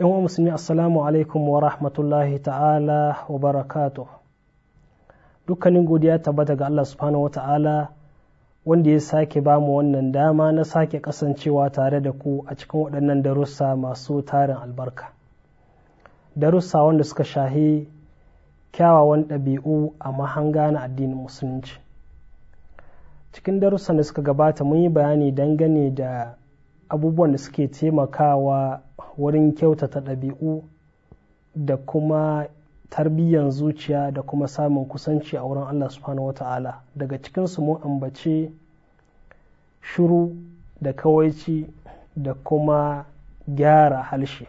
yan musulmi assalamu alaikum wa rahmatullahi ta'ala wa barakatu dukkanin godiya tabbata ga Allah subhanahu ta'ala wanda ya sake ba mu wannan dama na sake kasancewa tare da ku a cikin waɗannan darussa masu tarin albarka darussa wanda suka shahi kyawawan ɗabi'u a mahanga na addinin musulunci cikin darussan da suka gabata mun yi bayani dangane da abubuwan da suke taimakawa wurin kyautata ɗabi'u da kuma tarbiyyar zuciya da kuma samun kusanci a wurin Allah subhanahu wa ta'ala daga cikinsu mun ambace shuru da kawaici da kuma gyara halshe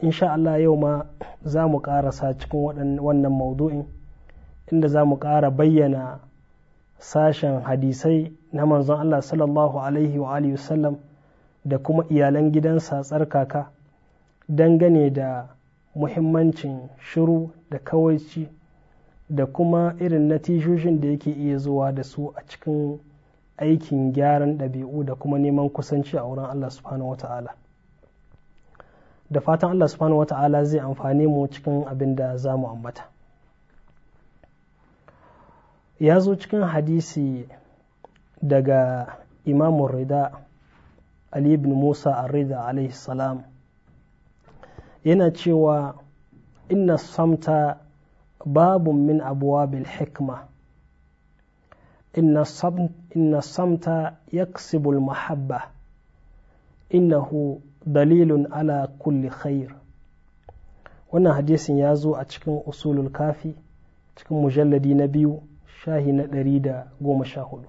insha Allah yau ma za mu ƙarasa cikin wannan maudu'in inda za mu ƙara bayyana sashen hadisai na manzon Allah sallallahu alaihi wa alihi wasallam da kuma iyalan gidansa tsarkaka dangane da muhimmancin shiru da kawaici da kuma irin natijoshin da yake iya zuwa da su a cikin aikin gyaran ɗabi'u da kuma neman kusanci a wurin Allah subhanahu wata'ala da fatan Allah subhanahu wata'ala zai amfani mu cikin abin da za mu ambata ya zo cikin hadisi daga imamun rida ali ibn musa arrida alaihi salam yana cewa inna samta babun min abuwabil hikma inna samta yaksibul mahabba innahu dalilun ala kulli khair wannan hadisin ya zo a cikin usulul kafi cikin mujalladi na biyu shahi na ɗari da goma sha hudu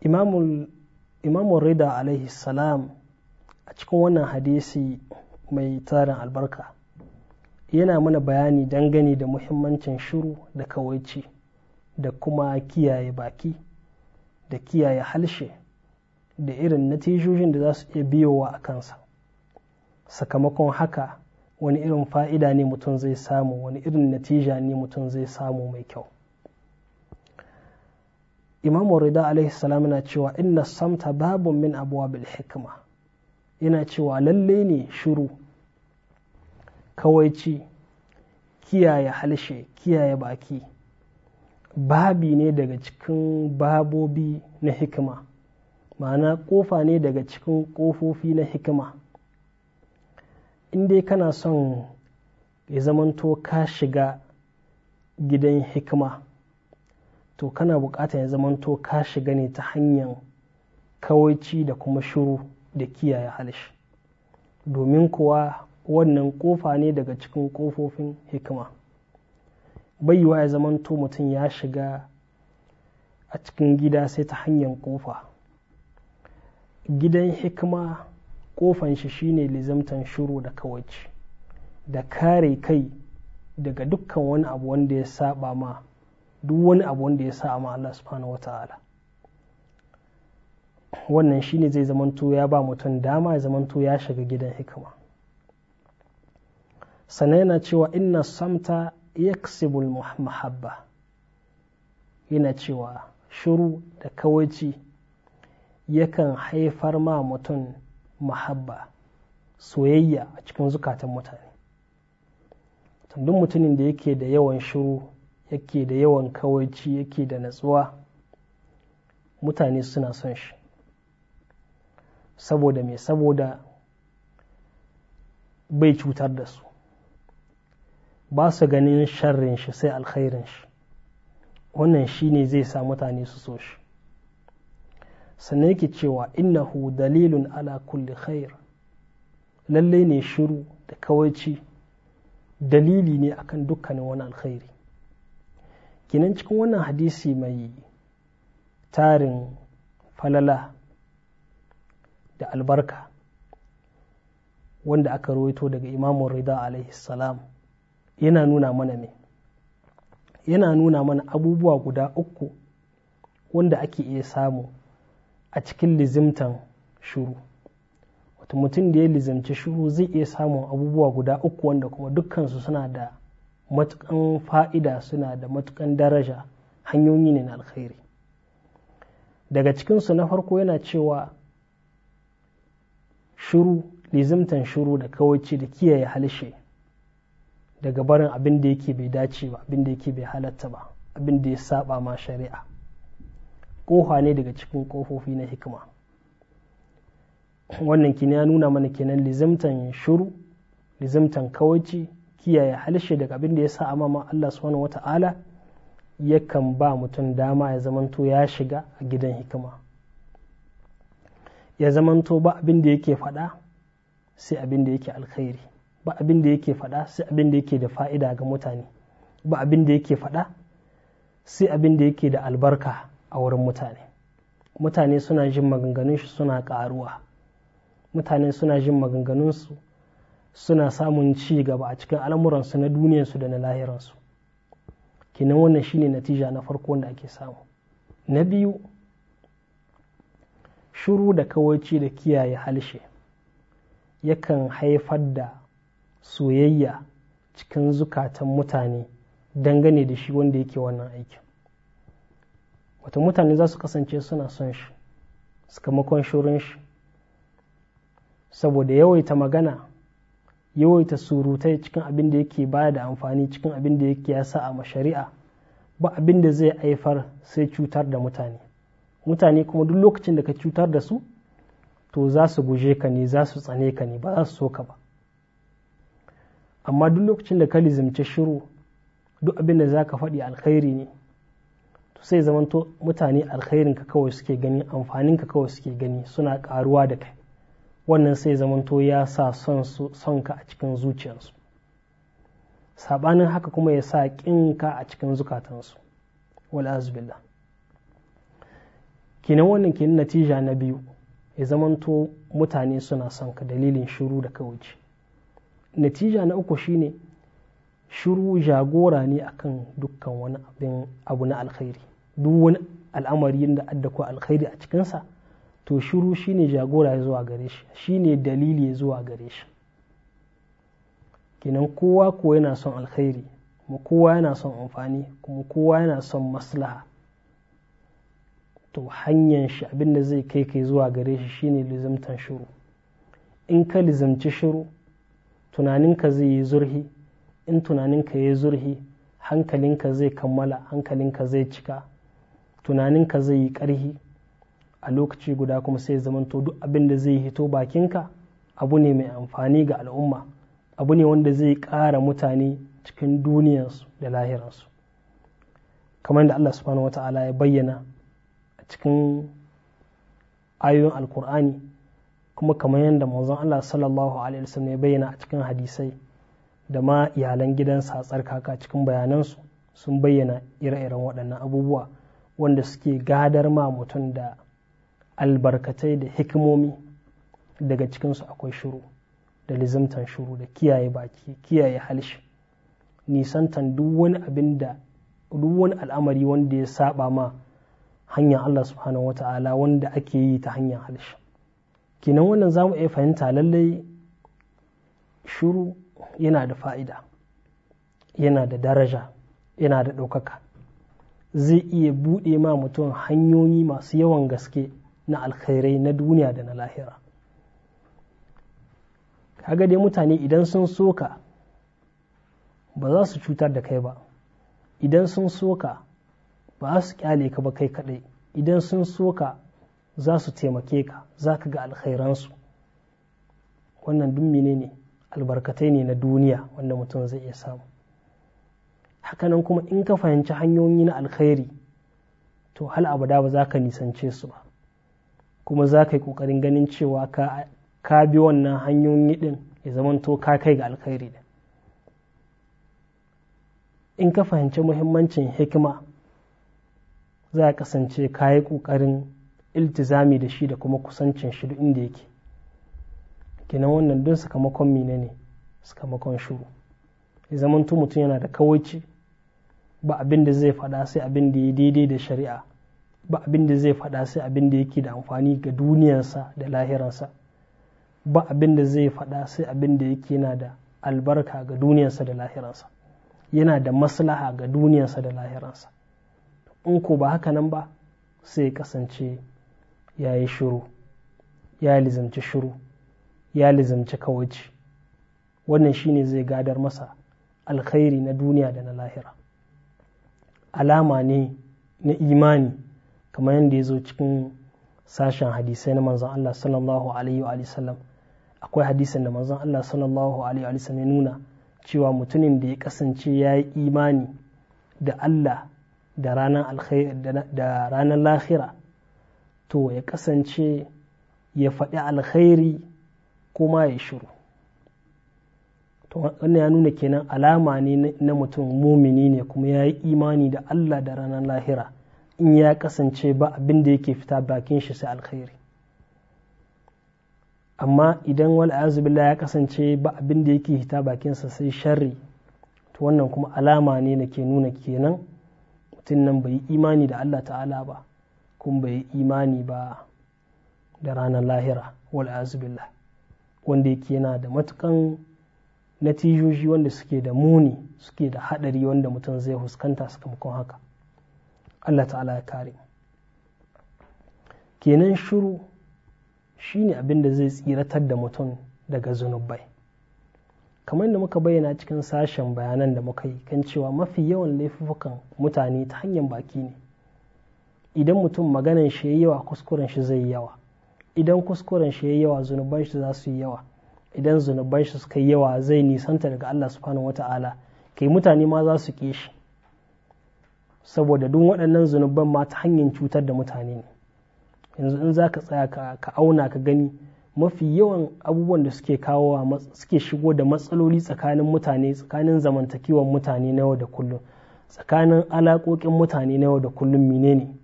imamul imamu rida alaihi salam a cikin wannan hadisi mai tarin albarka yana mana bayani dangane da muhimmancin shiru da kawaici da kuma kiyaye baki da kiyaye halshe da irin natijojin da za su iya biyowa a kansa sakamakon haka wani irin fa'ida ne mutum zai samu wani irin natija ne mutum zai samu mai kyau imam rida alaihi salam yana cewa inna samta babun min abwabil hikima yana cewa lalle ne shiru kawaici kiyaye halshe kiyaye baki babi ne daga cikin babobi na hikima ma'ana kofa ne daga cikin kofofi na hikima in dai kana son ya zamanto ka shiga gidan hikima to kana buƙatar ya zamanto ka shiga ne ta hanyar kawaici da kuma shuru da kiyaye halishi domin kuwa wannan ƙofa ne daga cikin ƙofofin hikima baiwa ya zamanto mutum ya shiga a cikin gida sai ta hanyar ƙofa gidan hikima ƙofan shi shine lizamtan shuru da kawaici da kare kai daga dukkan wani abu wanda ya saba ma duk wani abu wanda ya sa ma Allah subhanahu wa ta'ala wannan shine zai zamanto ya ba mutum dama ya zamanto ya shiga gidan hikima sannan yana cewa inna samta yaksibul mahabba yana cewa shuru da kawaici yakan haifar ma mutum mahabba soyayya a cikin zukatan mutane duk mutumin da yake da yawan shuru yake da yawan kawaici yake da natsuwa mutane suna son shi saboda mai saboda bai cutar da su ba su ganin sharrin shi sai alkhairin shi wannan shi ne zai sa mutane su so shi sannan yake cewa innahu dalilun ala kulli khair lallai ne shiru da kawaici dalili ne akan dukkanin wani alkhairi kinan cikin wannan hadisi mai tarin falala da albarka wanda aka rawaito daga imamun rida alaihi salam yana nuna mana ne yana nuna mana abubuwa guda uku wanda ake iya samu a cikin lizimtan shuru wato mutum da ya lizimci shuru zai iya samun abubuwa guda uku wanda kuma dukkansu suna da matukan fa'ida suna da matukan daraja hanyoyi ne na alkhairi daga cikinsu na farko yana cewa shuru lizimtan shuru da kawaici da kiyaye halshe daga barin abin da yake bai dace ba abin da yake bai halatta ba abin da ya saba ma shari'a ƙoha ne daga cikin kofofi na hikima wannan kini ya nuna mana kenan lizimtan shuru lizimtan kawaici kiyaye halishe daga abin da ya sa amama Allah subhanahu wata'ala yakan ba mutum dama ya zamanto ya shiga a gidan hikima ya zamanto ba abin da yake faɗa sai abin da yake alkhairi ba abin da yake faɗa sai abin da yake da fa'ida ga mutane ba abin da yake faɗa sai abin da yake da albarka a wurin mutane mutane suna jin maganganun shi suna ƙaruwa mutane suna jin maganganunsu suna samun ci gaba a cikin al'amuransu na duniyarsu da na lahiransu kenan wannan shine natija na farko wanda ake samu na biyu shuru da kawaici da kiyaye halshe yakan haifar da soyayya cikin zukatan mutane dangane da shi wanda yake wannan aikin wata mutane za su kasance suna son shi sakamakon shirin shi saboda yawaita magana yawaita surutai cikin abin da yake baya da amfani cikin abin da yake ya sa a mashari'a ba abin da zai haifar sai cutar da mutane mutane kuma duk lokacin da ka cutar da su to za su guje ka ne za su tsane ka ne ba za su so ka ba amma duk lokacin da ka lizimci shiru duk abin da za ka faɗi alkhairi ne to sai zamanto mutane alkhairinka kawai suke gani amfaninka kawai suke gani suna ƙaruwa da kai wannan sai zamanto ya sa son sonka a cikin zuciyarsu saɓanin haka kuma ya sa ƙinka a cikin zukatansu wal'azubillah kinan wannan ke natija na biyu ya zamanto mutane suna son ka dalilin shiru da kawuce natija na uku shine shiru jagora ne akan dukkan wani abu na alkhairi duk wani al'amari da adda ko alkhairi a cikinsa to shiru shine jagora ya zuwa gare shi shine dalili zuwa gare shi kenan kowa ko yana son alkhairi kuma kowa yana son amfani kuma kowa yana son maslaha to hanyar shi abinda zai kai kai zuwa gare shi shine lizimtan shiru in ka lizamci shiru tunaninka zai yi zurhi in tunaninka ya yi zurhi hankalinka zai kammala hankalinka zai cika tunaninka zai yi ƙarhi a lokaci guda kuma sai zamanto duk abin da zai hito bakinka abu ne mai amfani ga al'umma abu ne wanda zai ƙara mutane cikin duniyarsu da lahirarsu kamar da Allah subhanahu wata'ala ya bayyana a cikin ayoyin alkur'ani kuma kamar yadda manzon Allah sallallahu alaihi wasallam ya bayyana a cikin hadisai da ma iyalan gidansa tsarkaka cikin bayanansu sun bayyana ire-iren waɗannan abubuwa wanda suke gadar ma mutum da albarkatai da hikimomi daga cikinsu akwai shuru da lizimtan shuru da kiyaye baki kiyaye halshi nisantan duk wani abin da duk wani al'amari wanda ya saba ma hanyar Allah subhanahu wata'ala wanda ake yi ta hanyar halshi kinan wannan za mu iya fahimta lallai shuru yana da fa'ida yana da daraja yana da ɗaukaka zai iya buɗe ma mutum hanyoyi masu yawan gaske na alkhairai na duniya da na lahira kaga dai mutane idan sun soka ba za su cutar da kai ba idan sun soka ba za su kyale ka ba kai kadai idan sun soka za su taimake ka za ka ga alkhairansu wannan duk ne albarkatai ne na duniya wanda mutum zai iya samu hakanan kuma in ka fahimci hanyoyi na alkhairi to hal abada ba za ka nisance su ba kuma za ka yi ƙoƙarin ganin cewa ka bi wannan hanyoyi ɗin ya zamanto ka kai ga alkhairi da in ka fahimci muhimmancin hikima za a kasance ka yi ƙoƙarin iltizami da shi da kuma kusancin shi duk inda yake kenan wannan don sakamakon mine ne sakamakon shuru ya zamanto mutum yana da kawaici ba abin da zai faɗa sai abin da ya daidai da shari'a ba abin da zai faɗa sai abin da yake da amfani ga duniyarsa da lahiransa ba abin da zai faɗa sai abin da yake yana da albarka ga duniyarsa da lahiransa yana da maslaha ga duniyarsa da lahiransa in ko ba haka nan ba sai kasance ya yi shiru ya lizamci shiru ya lizamci kawaici wannan shine zai gadar masa alkhairi na duniya da na lahira alama ne na imani kamar yadda ya zo cikin sashen hadisai na manzon Allah sallallahu alaihi wa sallam akwai hadisan da manzon Allah sallallahu alaihi wa sallam ya nuna cewa mutumin da ya kasance ya yi imani da Allah da ranar lahira to ya kasance ya faɗi alkhairi kuma ya shiru to wannan ya nuna kenan alama ne na mutum mumini ne kuma ya yi imani da Allah da ranar lahira in ya kasance ba abin da yake fita bakin shi sai alkhairi amma idan wal'azu ya kasance ba abin da yake fita bakinsa sai sharri to wannan kuma alama ne da ke nuna kenan mutum nan bai yi imani da Allah ta'ala ba kuma bai yi imani ba da ranar lahira wal'azu billah wanda yake yana da matukan natijoji wanda suke da muni suke da hadari wanda mutum zai fuskanta sakamakon haka Allah ta'ala ya kare kenan shiru shine abin da zai tsiratar da mutum daga zunubai kamar da muka bayyana cikin sashen bayanan da muka yi kan cewa mafi yawan laifukan mutane ta hanyar baki ne idan mutum maganan shi ya yawa kuskuren shi zai yawa idan kuskuren shi ya yawa zunuban shi za su yi yawa idan zunuban shi suka yawa zai nisanta daga Allah subhanahu wata'ala kai mutane ma za su ƙi shi saboda duk waɗannan zunuban ma ta hanyar cutar da mutane ne yanzu in za ka tsaya ka auna ka gani mafi yawan abubuwan da suke kawo suke shigo da matsaloli tsakanin mutane tsakanin zamantakewar mutane na yau da kullum tsakanin alaƙoƙin mutane na yau da kullum menene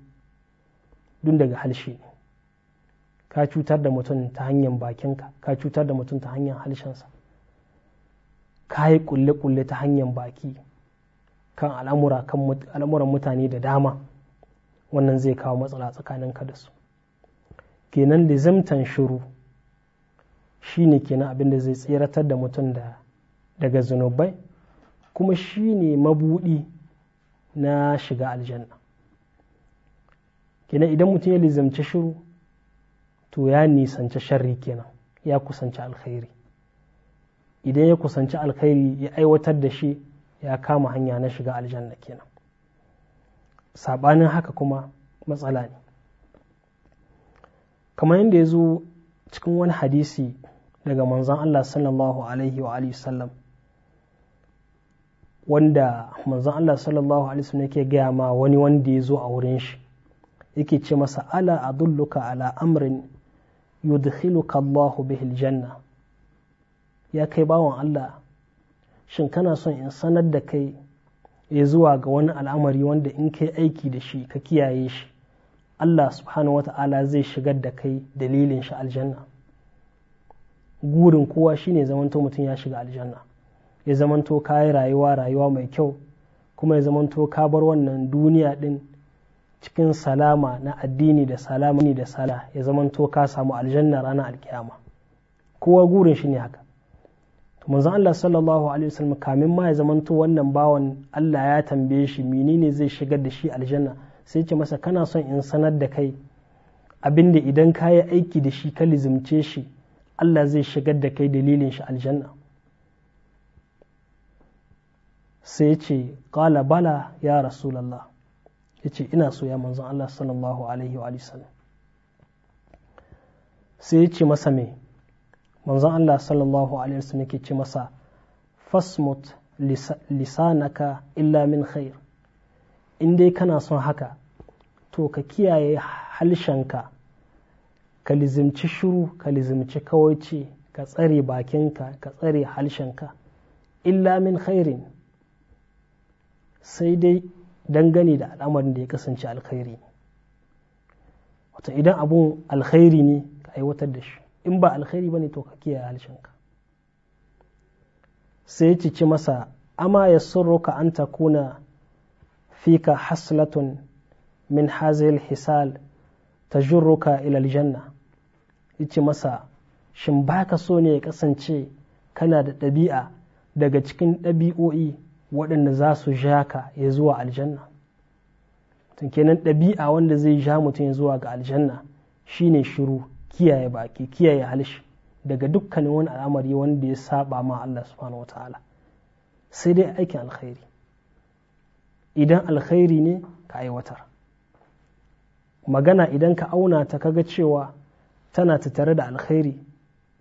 dun daga halshe ne ka cutar da mutum ta hanyar bakinka ka cutar da mutum ta hanyar halshensa ka yi kulle-kulle ta hanyar baki kan al'amuran mutane da dama wannan zai kawo matsala tsakaninka da su kenan lizimtan shiru shi ne kenan abin da zai tseratar da mutum daga zunubai kuma shi ne mabuɗi na shiga aljanna kenan idan mutum ya lizamci shiru to ya nisanci sharri kenan ya kusanci alkhairi idan ya kusanci alkhairi ya aiwatar da shi ya kama hanya na shiga aljanna kenan saɓanin haka kuma matsala ne kamar yadda ya zo cikin wani hadisi daga manzon Allah sallallahu alaihi wa alihi sallam wanda manzon Allah sallallahu alaihi wasallam yake gaya ma wani wanda ya zo a wurin shi yake ce masa ala adulluka ala amrin yudkhiluka Allahu bihi aljanna ya kai bawan Allah shin kana son in sanar da kai ya zuwa ga wani al'amari wanda in kai aiki da shi ka kiyaye shi Allah subhanahu wa ta'ala zai shigar da kai dalilin shi aljanna gurin kowa shine zamanto mutum ya shiga aljanna ya zamanto ka yi rayuwa rayuwa mai kyau kuma ya zamanto ka bar wannan duniya din cikin salama na addini da salama da sala ya zamanto ka samu aljanna ranar alkiyama kowa gurin shi ne haka manzon Allah sallallahu alaihi wasallam kamin ma ya zamanto wannan bawan Allah ya tambaye shi menene zai shigar da shi aljanna sai ce masa kana son in sanar da kai abinda idan ka yi aiki da shi ka lizimce shi Allah zai shigar da kai dalilin shi aljanna sai ce qala bala ya rasulullah yace ina so ya manzon Allah sallallahu alaihi wa sallam sai ce masa me manzon Allah sallallahu alaihi wasallam yake ce masa fasmut lisanaka illa min khair in dai kana son haka to ka kiyaye halshenka ka lizimci shuru ka lizimci kawaici ka tsare bakinka ka tsare halshenka illa min khairin sai dai dangane da al'amarin da ya kasance alkhairi wato wata idan abun alkhairi ne ka aiwatar da shi in ba alkhairi bane to ka kiyaye halshenka sai ci ci masa amma ya surruka an takuna fika haslatun min hazil hisal ta tajurruka ila aljanna ci masa shin baka so ne ya kasance kana da ɗabi'a daga cikin ɗabi'o'i waɗanda za su ja ka ya zuwa aljanna kenan ɗabi'a wanda zai ja mutum ya zuwa ga aljanna shine shiru kiyaye baki kiyaye halshi daga dukkanin wani al'amari wanda ya saba ma Allah subhanahu wataala sai dai aikin alkhairi idan alkhairi ne ka aiwatar magana idan ka auna ta kaga cewa tana tattare da alkhairi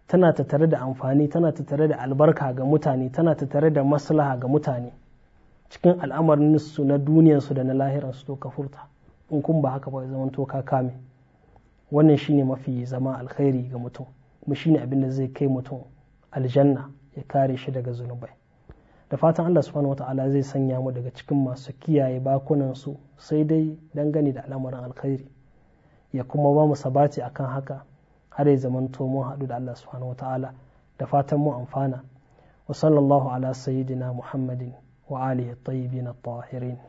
tana tattare da amfani tana tattare da albarka ga mutane tana tattare da maslaha ga mutane cikin al'amarin su na duniyarsu da na lahiransu to ka furta in kun ba haka ba zaman to ka kame wannan shine mafi zama alkhairi ga mutum kuma shine abin da zai kai mutum aljanna ya kare shi daga zunubai da fatan Allah subhanahu wata'ala zai sanya mu daga cikin masu kiyaye bakunan su sai dai dangane da al'amuran alkhairi ya kuma ba mu sabati akan haka har ya zamanto mun haɗu da Allah subhanahu wata'ala da fatan mu amfana wa sallallahu ala sayyidina muhammadin wa alihi tayyibin at